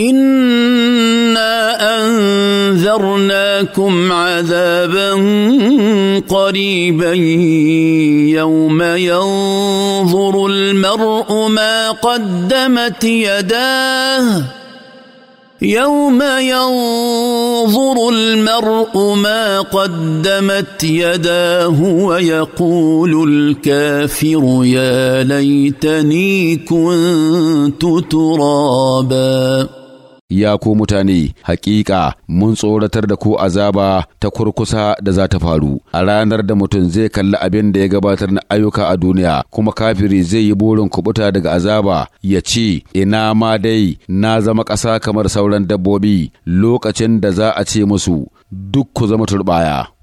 انا انذرناكم عذابا قريبا يوم ينظر المرء ما قدمت يداه يوم ينظر المرء ما قدمت يداه ويقول الكافر يا ليتني كنت ترابا ya ko mutane hakika mun tsoratar da ku azaba ta kurkusa da za ta faru a ranar da mutum zai kalli abin da ya gabatar na ayyuka a duniya kuma kafiri zai yi burin kubuta daga azaba ya ce ina ma dai na zama ƙasa kamar sauran dabbobi lokacin da za a ce musu duk ku zama turbaya